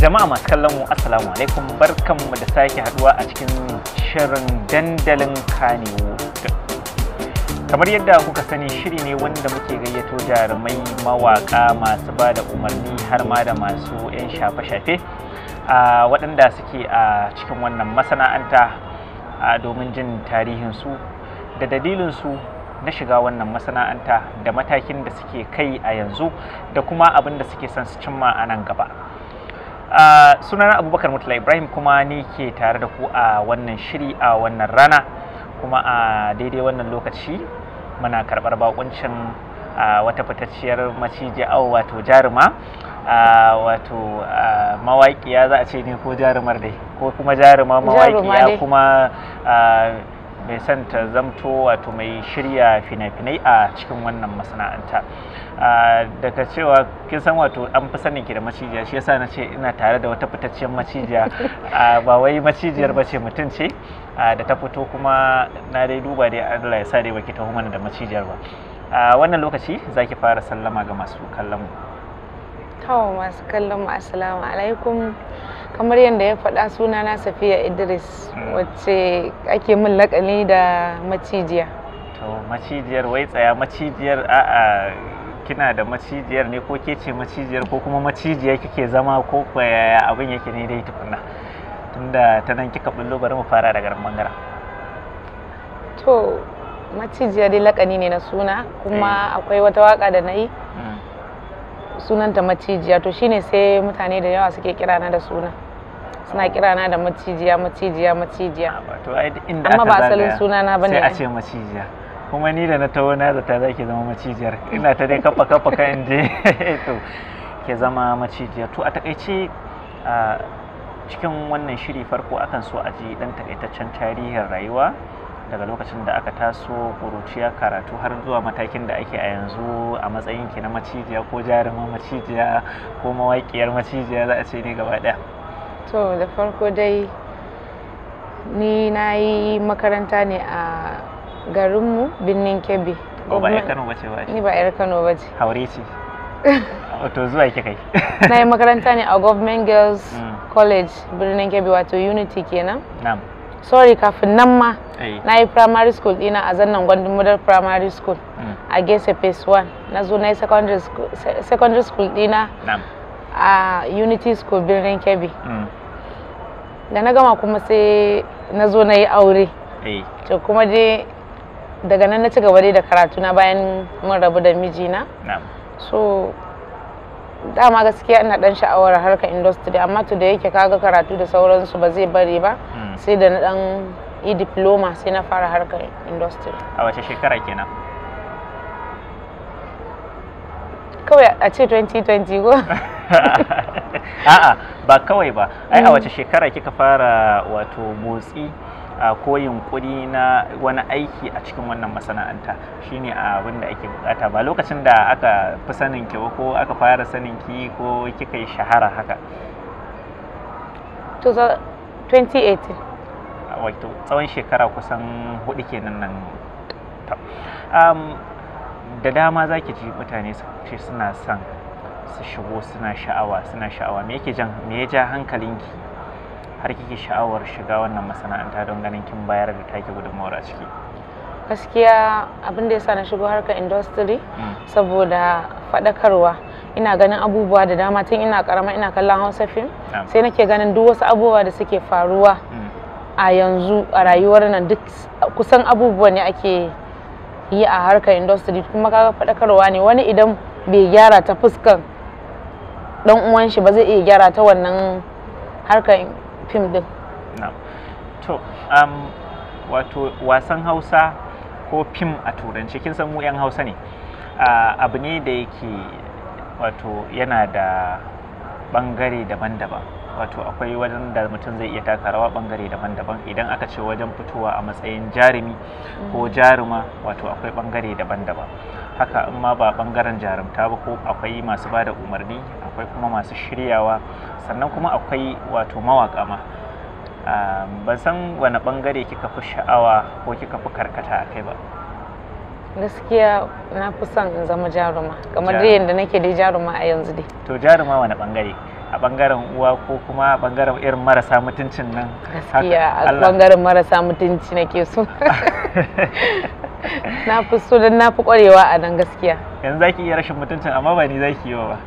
jama'a masu kallon mu assalamu alaikum barkanmu da sake haduwa a cikin shirin dandalin kanewu kamar yadda kuka sani shiri ne wanda muke gayyato jarumai mawaka masu ba da umarni har ma da masu 'yan shafe-shafe a waɗanda suke a cikin wannan masana'anta domin jin tarihinsu da dalilinsu na shiga wannan masana'anta da matakin da suke kai a yanzu da kuma abin da suke son su cimma a nan gaba sunana abubakar mutula ibrahim kuma ni ke tare da ku a wannan shiri a wannan rana kuma a daidai wannan lokaci muna karɓar bakuncin wata fitacciyar maciji au wato jaruma wato mawaƙiya za a ce ne ko jarumar dai ko kuma jaruma mawaƙiya kuma mai son ta zamto wato mai shirya fina-finai a cikin wannan masana'anta daga cewa kin san wato an fi sanin ki da macijiya shi yasa na ce ina tare da wata fitacciyar macijiya ba wai macijiyar ba ce mutum ce da ta fito kuma na dai duba dai Allah ya sa dai baki taho mana da macijiyar ba a wannan lokaci zaki fara sallama ga masu kallon mu to masu kallon mu assalamu alaikum kamar yadda ya faɗa suna na safiya idris wacce ake min lakani da macijiya to macijiyar wai tsaya macijiyar a'a kina da macijiyar ne ko ke ce macijiyar ko kuma macijiya kike zama ko kwaya abin yake ne dai tukunna tunda ta nan kika bullo bari mu fara daga bangara to macijiya dai lakani ne na suna kuma eh. akwai wata waka da na yi mm. sunanta macijiya to shine sai mutane da yawa suke kirana da suna suna kirana da macijiya macijiya macijiya ah, amma ba asalin suna na bane sai a ce macijiya kuma ni da na taho na zata ke zama macijiyar ina ta dai kafa kafa kan je to ke zama macijiya to a takaice a cikin wannan shiri farko akan so a ji dan takaitaccen tarihin rayuwa daga lokacin da aka taso kuruciya karatu har zuwa matakin da ake a yanzu a matsayin ki na macijiya ko jarumin macijiya ko mawaƙiyar macijiya za a ce ne gaba ɗaya To da farko dai ni na yi makaranta ne a garinmu birnin Kebbi. Ko ba 'yar Kano bace ba? Ni ba 'yar Kano bace. Haure ce. To zuwa yake kai. Na yi makaranta ne a Government Girls mm. College birnin Kebbi wato Unity kenan. Na'am. Sorry kafin nan ma na yi primary school dina a zannan gwandun model primary school mm. a Gese Phase 1. Na zo na yi secondary school dina. Na'am. a unity school birnin kebbi mm. da na gama kuma sai na zo na yi aure to kuma dai daga nan na ci gaba dai da karatu na bayan mun rabu da mijina so dama gaskiya ina dan sha'awar harkar industry amma to da yake kaga karatu da sauransu ba zai bari ba mm. sai da na dan yi diploma sai na fara harkar industry a wace shekara kenan kawai a ce 2020 go a'a ba kawai ba ai a mm. wace shekara kika fara wato motsi a koyin yunkuri na wani aiki a cikin wannan masana'anta shine abin da ake bukata ba lokacin da aka fi sanin ki ko aka fara sanin ki ko kika yi shahara haka 2018 wato tsawon shekara kusan hudu kenan nan um, da dama za ki ji mutane su ce suna son su shigo suna sha'awa suna sha'awa me yake jan me ya ja hankalinki har kike sha'awar shiga wannan masana'anta don ganin kin bayar da take gudunmawar a ciki gaskiya abin da yasa na shigo harkar industry hmm. saboda faɗakarwa ina ganin abubuwa da dama tun ina karama ina kallon hausa fim ah. sai nake ganin duk wasu abubuwa da suke faruwa hmm. a yanzu a rayuwar nan duk kusan abubuwa ne ake yi a harkar industry kuma kaga faɗakarwa ne wani idan bai gyara ta fuskan dan uwan shi ba zai iya gyara ta wannan harkar fim din to um, wato wasan hausa ko fim a turanci kin san mu yan hausa ne uh, abu ne da yake wato yana da bangare daban-daban wato akwai wajen da mutum zai iya taka rawa bangare daban-daban idan aka ce wajen fitowa a matsayin jarumi ko mm. jaruma wato akwai bangare daban-daban haka in ma ba bangaren jarumta ba ko akwai masu ba da umarni akwai kuma masu shiryawa sannan kuma akwai wato mawaka ma ban san wani bangare kika fi sha'awa ko kika fi karkata a kai ba gaskiya na fi son in zama jaruma kamar da yadda nake dai jaruma a yanzu dai to jaruma wani bangare a bangaren uwa ko kuma a bangaren irin marasa mutuncin nan gaskiya a bangaren marasa mutunci nake so na fi so don na fi kwarewa a nan gaskiya yanzu za ki iya rashin mutuncin amma ba ni za ki yi ba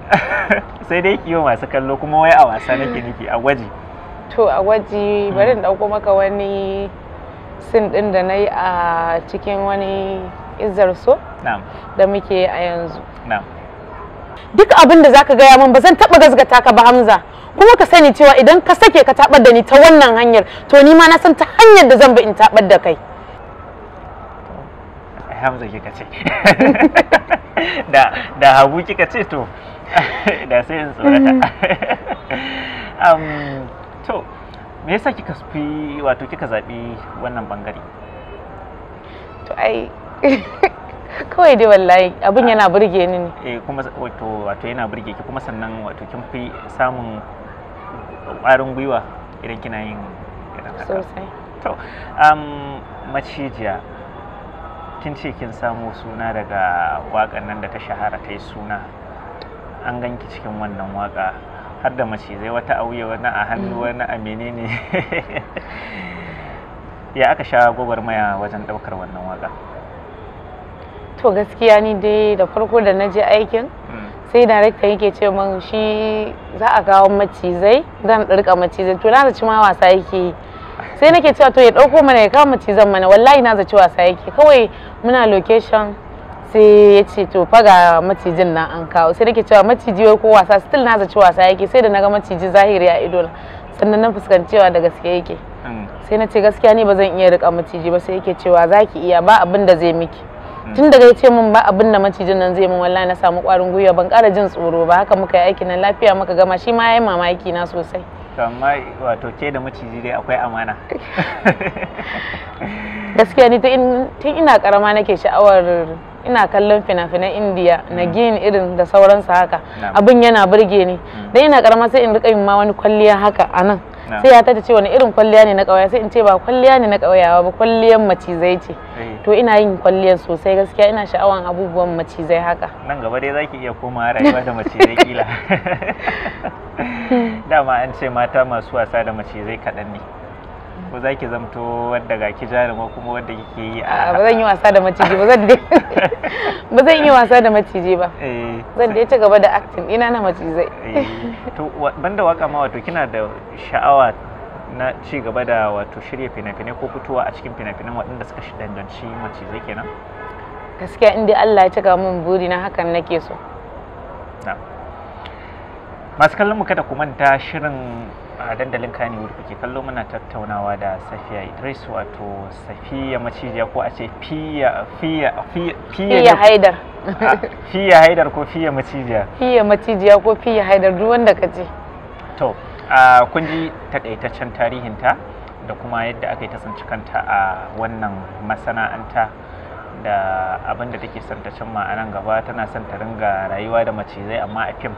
sai dai ki yi masu kallo kuma wai a wasa nake niki a gwaji to a gwaji bari in dauko maka wani sin din da na yi a cikin wani izar so da muke a yanzu na'am duk abin da zaka gaya min ba zan taba gazgata ka ba Hamza kuma ka sani cewa idan ka sake ka tabar da ni ta wannan hanyar to ni ma na san ta hanyar da zan bi in tabar da kai Hamza kika ce da da Habu kika ce to da sai in tsorata um to me yasa kika fi wato kika zabi wannan bangare to ai kawai dai wallahi abin yana burge ni ne eh kuma wato wato yana burge ki kuma sannan wato kin fi samun ƙwarin gwiwa idan kina yin sosai to um macijiya kin ce kin samu suna daga waƙan nan da ta shahara ta yi suna an ganki cikin wannan waka har da macizai wata a wuya wani a hannu mm. wani a menene ya aka sha gwagwarmaya wajen ɗaukar wannan waka. to gaskiya ni dai da farko da na je aikin hmm. sai darakta yake ce min shi za a kawo macizai zan rika macizai to na zaci ma wasa yake sai nake cewa to ya dauko mana ya kawo macizan mana wallahi na zaci wasa yake kawai muna location sai ya ce to fa ga macijin na an kawo sai nake cewa maciji wai ko wasa still na zaci wasa yake sai da naga maciji zahiri a ido sannan na fuskancewa da gaske yake hmm. sai na ce gaskiya ne ba zan iya rika maciji ba sai yake cewa zaki iya ba abin da zai miki Mm. tun daga ya ce min ba abin da macijin nan zai min wallahi na samu kwarin gwiwa ban ƙara jin tsoro ba haka muka yi aiki nan lafiya muka gama shi ma yayi mamaki na sosai to amma wato ke da maciji dai akwai amana gaskiya ni tun ina karama nake sha'awar ina kallon fina-finan indiya mm. na gini irin da sauransa haka abin yana burge ni mm. dan ina karama sai in rika yin ma wani kwalliya haka anan nan sai ya ta ce wani irin kwalliya ne na ƙauya sai in ce ba kwalliya ne na ƙauyawa ba kwalliyan macizai ce eh. to ina yin kwalliyan sosai gaskiya ina sha'awan abubuwan macizai haka nan gaba dai zaki iya koma rayuwa da macizai kila dama an ce mata masu wasa da macizai kaɗan ne ko za ki zamto wadda ga ki ma kuma wadda kike yi a ba zan yi wasa da maciji ba zan dai ba zan yi wasa da maciji ba eh, zan dai ci gaba da acting ina na zai eh, to banda waka ma wato kina da sha'awa na ci gaba da wato shirya fina-finai ko fitowa a cikin fina-finan waɗanda suka danganci macizai kenan gaskiya inda Allah ya cika min buri na hakan nake so masu kallon mu kada ku manta shirin a dandalin wuri kuke kallo muna tattaunawa da safiya idris wato safiya macijiya ko a ce fiya fiya fiya haidar fiya haidar ko fiya macijiya fiya macijiya ko fiya haidar duk wanda ka ce to kun ji takaitaccen tarihinta da kuma yadda aka yi ta kanta a wannan masana'anta da abin da take son ta cimma a nan gaba tana son ta ringa rayuwa da macizai amma a fim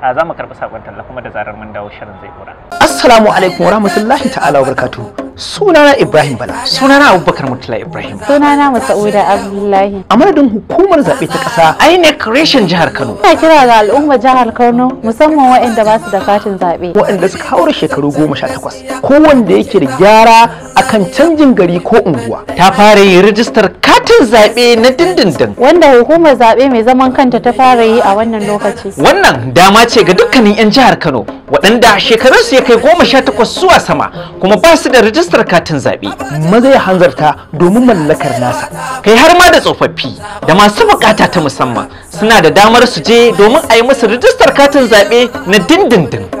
za mu karɓi sakon talla kuma da zarar mun dawo shirin zai kura. assalamu alaikum warahmatullahi ta'ala barkatu sunana ibrahim bala sunana abubakar mutula ibrahim sunana masauda abdullahi a madadin hukumar zaɓe ta ƙasa inec reshen jihar kano ina kira ga al'ummar jihar kano musamman waɗanda ba su da katin zaɓe waɗanda suka haura shekaru goma sha takwas ko wanda yake da gyara akan canjin gari ko unguwa ta fara yi rijistar katin zaɓe na dindindin wanda hukumar zaɓe mai zaman kanta ta fara yi a wannan lokaci wannan dama ce ga dukkanin 'yan jihar kano waɗanda shekarunsu ya kai goma sha takwas zuwa sama kuma ba su da rijistar katin zaɓe maza ya hanzarta domin mallakar nasa kai har ma da tsofaffi da masu buƙata ta musamman suna da damar su je domin a yi musu rijistar katin zaɓe na dindindin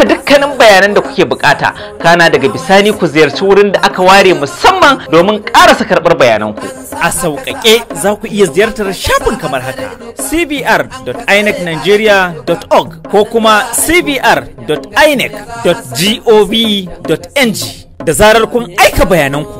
cika dukkanin bayanan da kuke bukata kana daga bisani ku ziyarci wurin da aka ware musamman domin karasa bayanan ku a sauƙaƙe za ku iya ziyartar shafin kamar haka cbr.inecnigeria.org ko kuma cbr.inec.gov.ng da zarar kun aika bayananku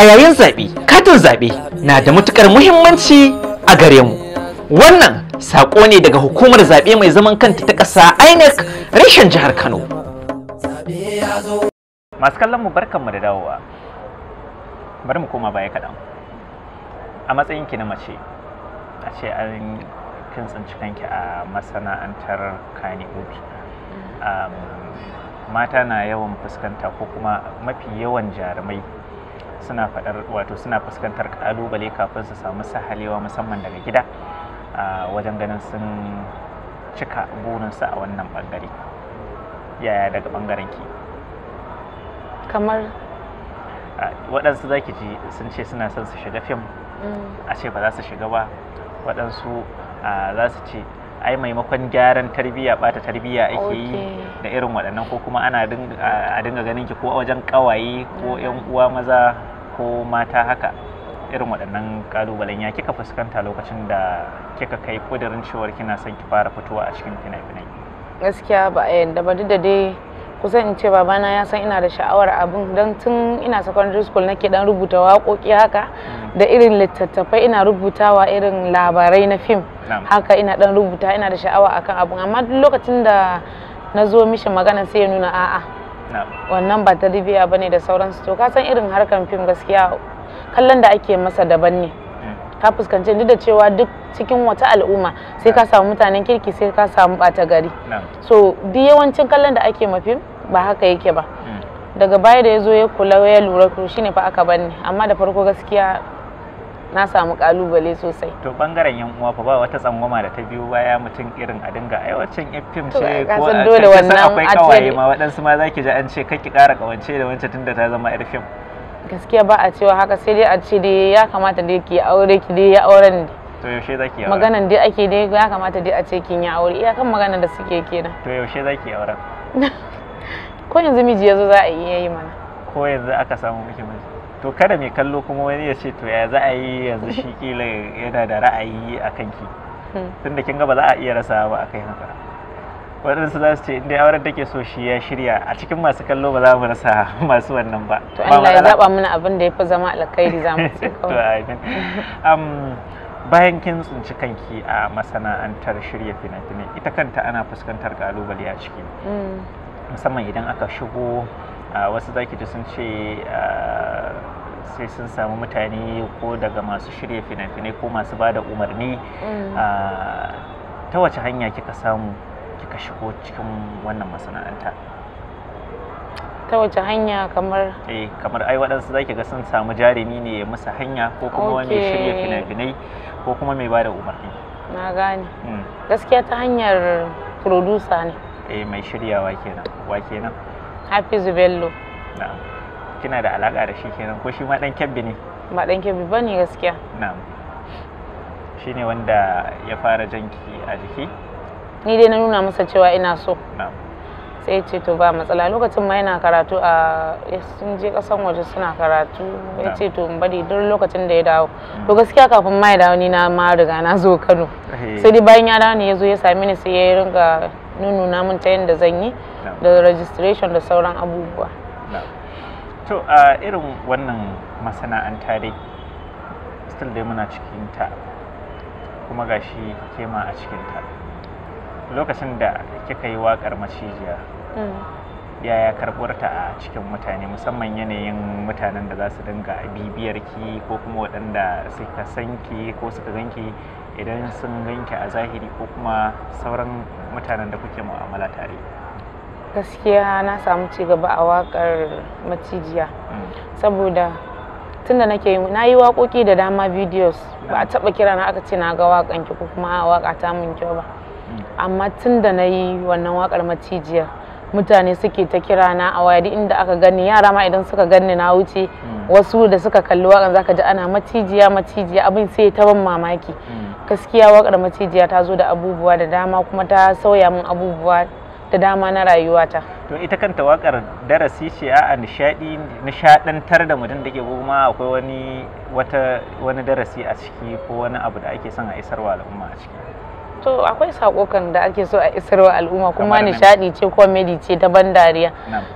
a yayin zaɓe katin zaɓe na da matuƙar muhimmanci a gare mu wannan saƙo ne daga hukumar zaɓe mai zaman kanta ta ƙasa inec reshen jihar kano masu kallon mu mu da dawowa bari mu koma baya kaɗan a matsayin ki na mace a ce an kin tsinci kanki a masana'antar kaniwood mata na yawan fuskanta ko kuma mafi yawan jarumai suna faɗar wato suna fuskantar ƙalubale kafin su samu sahalewa musamman daga gida a wajen ganin sun cika burinsu a wannan ɓangare yaya daga ɓangaren ki kamar waɗansu za ki ji sun ce suna son su shiga fim mm. a ce ba za su shiga ba waɗansu za su ce ai maimakon gyaran tarbiyya bata tarbiyya ake yi da irin waɗannan ko kuma ana a dinga ganin ki ko wajen kawaye ko yan mm. uwa maza ko mata haka irin waɗannan kalubalen ya kika fuskanta lokacin da kika kai kudirin cewar kina son ki fara fitowa a cikin fina-finai gaskiya ba a yanda ba duk da dai kusan in ce babana ya san ina da sha'awar abin don tun ina secondary school nake dan rubuta waƙoƙi haka mm. da irin littattafai ina rubutawa irin labarai na fim haka ina dan rubuta ina da sha'awa akan abin amma duk lokacin da na zo mishi magana sai ya nuna a'a wannan ba ribiya bane da sauransu to ka san irin harkan fim gaskiya kallon da ake masa daban ne ka fuskanci duk da cewa duk cikin wata al'umma sai ka samu mutanen kirki sai ka samu bata gari so duk yawancin kallon da ake mafi ba haka yake ba hmm. daga baya da ya zo ya kula ya lura ko shine fa aka bani amma da farko gaskiya na samu kalubale sosai to bangaren yan uwa fa ba wata tsangwama da ta biyo baya mutum irin a dinga ai waccan fim ce ko a dole wannan akwai kawaye ma waɗansu ma zaki ji an ce kake ƙara kawance da wancan tunda ta zama yar fim gaskiya ba a cewa haka sai dai a ce dai ya kamata dai ki aure ki dai ya auren ne to yaushe zaki aure maganan dai ake dai ya kamata dai a ce kin ya aure iyakan maganan da suke kenan to yaushe zaki aure ko yanzu miji yazo za a iya yi mana ko yanzu aka samu miki miji to kada mai kallo kuma wani ya ce to ya za a yi yanzu shi kila yana da ra'ayi akan ki hmm. tunda kin ga ba za a iya rasa ba akai haka waɗansu za su ce inda auren take so shi ya shirya a cikin masu kallo ba za mu rasa masu wannan ba to Allah ya zaba mana abin da ya fi zama alkhairi za mu ce kawai bayan kin tsinci kanki a masana'antar shirya fina-finai ita kanta ana fuskantar kalubale a ciki mm. musamman idan aka shigo wasu zaki ji sun ce sai sun samu mutane ko daga masu shirya fina-finai ko masu ba da umarni mm. ta wace hanya kika samu kika shigo cikin wannan masana'anta ta wace hanya kamar eh kamar ai waɗansu zaki ga sun samu jarumi ne ya musu hanya ko kuma wanda ya shirya fina-finai ko kuma mai bada umarni na gane hmm. gaskiya ta hanyar producer ne eh mai shiryawa kenan wa kenan Hafiz bello na'am kina da alaka da shi kenan ko shi ma dan kebbi ne ba dan kebbi bane gaskiya na'am shine wanda ya fara janki a jiki ni dai na nuna masa cewa ina so sai ya ce to ba matsala lokacin ma yana karatu a sun je kasan waje suna karatu ya ce to in bari duk lokacin da ya dawo to gaskiya kafin ma ya dawo ni na ma riga na zo Kano eh. sai dai bayan ya dawo ne ya zo ya sami ni sai ya ringa na min ta yadda zan yi da registration da sauran abubuwa to a irin wannan masana'anta dai still dai muna cikin ta kuma gashi kema a cikin ta lokacin da kika yi waƙar macijiya mm. yaya karɓarta a cikin mutane musamman yanayin mutanen da za su dinga bibiyar ki ko kuma waɗanda suka san ki ko suka ki idan sun gan ki a zahiri ko kuma sauran mutanen da kuke mu'amala tare gaskiya na samu ci a waƙar macijiya mm. saboda tunda nake na yi waƙoƙi da dama videos ba a mm. taɓa kira na aka ce na ga waƙanki ko kuma waƙa ta mun kyau ba amma tun da na yi wannan wakar macijiyar mutane suke ta kira na a waya duk inda aka gani yara ma idan suka gani na wuce mm. wasu da suka kalli za zaka ji ana macijiya macijiya abin sai ta ban mamaki mm. gaskiya wakar macijiya ta zo da abubuwa da dama kuma ta sauya min abubuwa da dama na rayuwata to ita kanta wakar darasi ce a nishadi nishadantar da mutum da ke kuma akwai wani wani darasi a ciki ko wani abu da ake son a isarwa al'umma a ciki to akwai sakokan da ake so a isarwa al'umma kuma nishadi ce ko medi ce ta ban dariya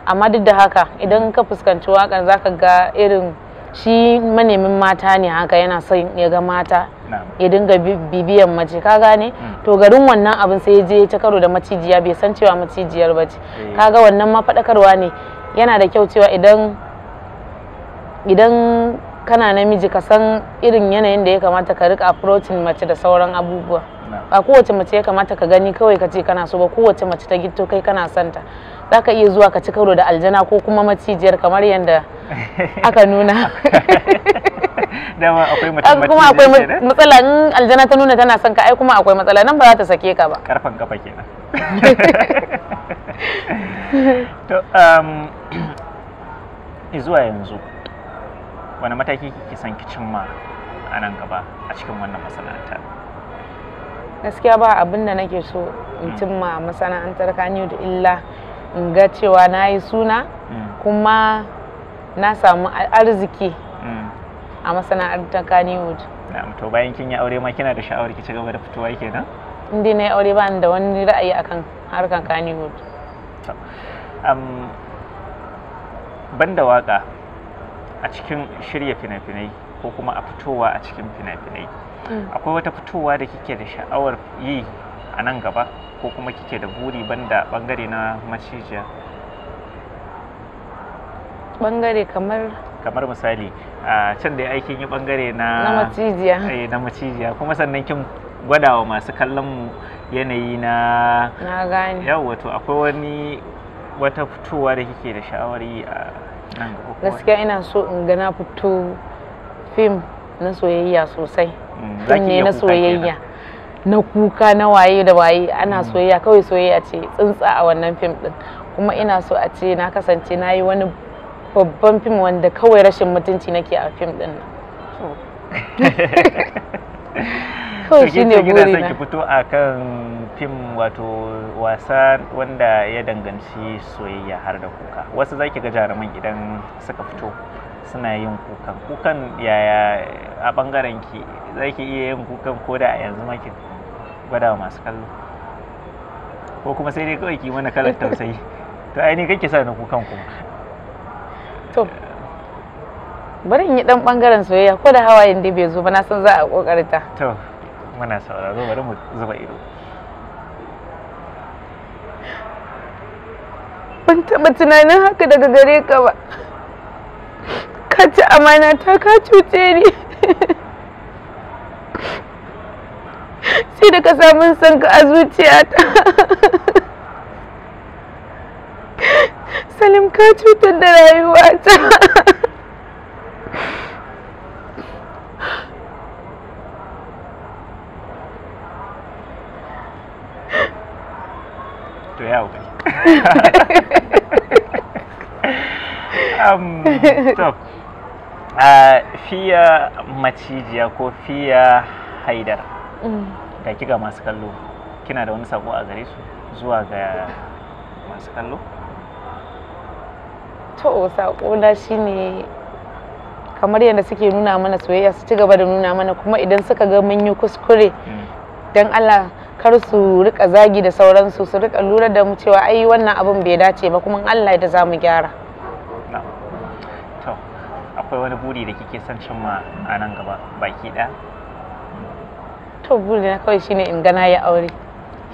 amma duk da haka idan ka fuskanci wakan zaka ga irin shi manemin mata ne haka yana son ya ga mata ya dinga bibiyan mace ka gane hmm. to garin wannan abin sai ya je ta karo da macijiya bai san cewa macijiyar ba ce eh. kaga wannan ma faɗakarwa ne yana da kyau cewa idan idan kana namiji ka san irin yanayin da ya kamata ka rika approaching mace da sauran abubuwa ba kowace mace ya kamata ka gani kawai ka ce kana so ba kowace mace ta gito kai kana santa za ka iya zuwa ka ci karo da aljana ko kuma macijiyar kamar yadda aka nuna dama akwai kuma akwai matsala in aljana ta nuna tana son ka ai kuma akwai matsala nan ba za ta sake ka ba karfan kafa kenan to um zuwa yanzu wani mataki kike son ki cimma a nan gaba a cikin wannan masana'anta gaskiya ba abin da nake so in hmm. cimma masana'antar kanyo da illa in ga cewa na yi suna hmm. kuma na samu arziki hmm. a masana'antar Na to bayan kin yi aure ma kina da sha'awar ki ci gaba da fitowa kenan inda na yi aure ba da wani ra'ayi akan harkar kanyo banda waka a cikin shirya fina-finai ko kuma a fitowa a cikin fina-finai mm. akwai wata fitowa da kike da sha'awar yi a nan gaba ko kuma kike da buri banda bangare na macijiya bangare kamar kamar misali a can da aikin yi bangare na macijiya na macijiya eh, kuma sannan kin gwada wa masu kallon mu yanayi na na gane yawa wato akwai wani wata fitowa da kike da sha'awar yi a gaskiya ina so in ga na fito fim na soyayya sosai mm, fim ne na soyayya na kuka na waye da waye ana mm. soyayya kawai soyayya ce tsintsa a wannan fim din kuma ina so a ce na kasance na yi wani babban fim wanda kawai rashin mutunci nake a fim din nan kawai shi ne burina kina son ki fito akan fim wato wasa wanda ya danganci soyayya har da kuka wasu zaki ga jaruman idan suka fito suna yin kukan kukan yaya a bangaren ki zaki iya yin kukan ko da a yanzu maki gwada wa masu kallo ko kuma sai dai kawai ki mana kalar tausayi to ai ni kake sa na kukan kuma to bari in yi dan bangaren soyayya ko da hawayen da bai zo ba na san za a kokarta to muna sauraro bari mu zuba ido ban taɓa tunanin haka daga gare ka ba ka ci amana ta ka cuce ni sai da ka samun son ka a zuciyata salim ka cutar da rayuwata um, to uh, fiya macijiya ko fiya haidar mm. da mm. kiga masu kallo kina da wani sako a gare su zuwa ga masu kallo to sako na shine kamar yadda suke nuna mana soyayya su ci gaba da nuna mana kuma idan suka ga mun yi kuskure mm. don allah kar su rika zagi da sauransu su rika lura da mu cewa ai wannan abin bai dace ba kuma Allah da zamu gyara to akwai wani buri da kike son cimma a nan gaba baki ɗaya to buri na kawai shine in gana ya aure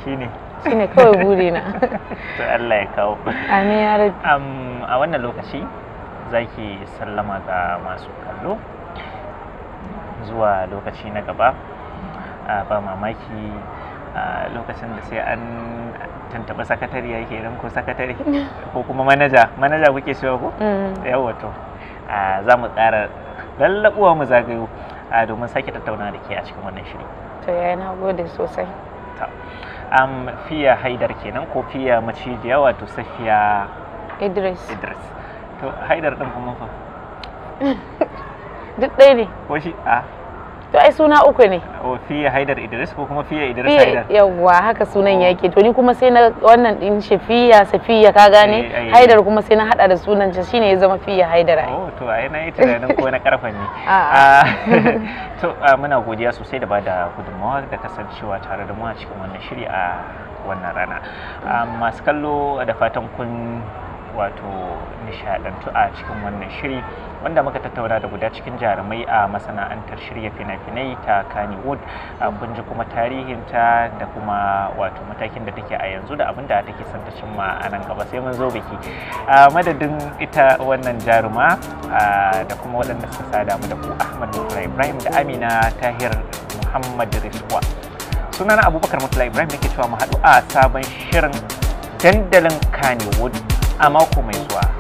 shine shine kawai buri na to Allah ya kawo amin ya a wannan lokaci zaki sallama ga masu kallo zuwa lokaci na gaba ba mamaki lokacin da sai an tantaba sakatariya ran ko sakatare ko kuma manaja manaja kuke cewa ko mm. yawa to za mu tsara lallaɓuwa mu zagayo domin sake tattauna da ke a cikin wannan shiri to yayi na gode sosai am fiya haidar kenan ko fiya macijiya wato safiya idris idris to haidar din kuma fa duk ɗaya ne ko shi a to ai suna uku ne fiye haidar idris ko kuma fiye idris haidar yawwa haka sunan yake to ni kuma sai na wannan din shafiya safiya ka gane eh, eh. haidar kuma sai na hada da sunan ta shine ya zama fiye haidar ai oh to ai na yi tunanin ko na karfan ne ah, to ah, muna godiya sosai da bada gudunmawa da kasancewa tare da mu a cikin wannan shiri a wannan rana ah, masu kallo da fatan kun wato nishadantu a cikin wannan shiri wanda muka tattauna da guda cikin jarumai a masana'antar shirya fina-finai ta Kannywood abin ji kuma tarihinta da kuma wato matakin da take a yanzu da abin da take son ta cimma a nan gaba sai mun zo biki a madadin ita wannan jaruma da kuma waɗanda suka sada mu da ku Ahmad Mutula Ibrahim da Amina Tahir Muhammad rishwa sunana Abubakar Mutula Ibrahim ke cewa mu haɗu a sabon shirin dandalin Kannywood a mal começo é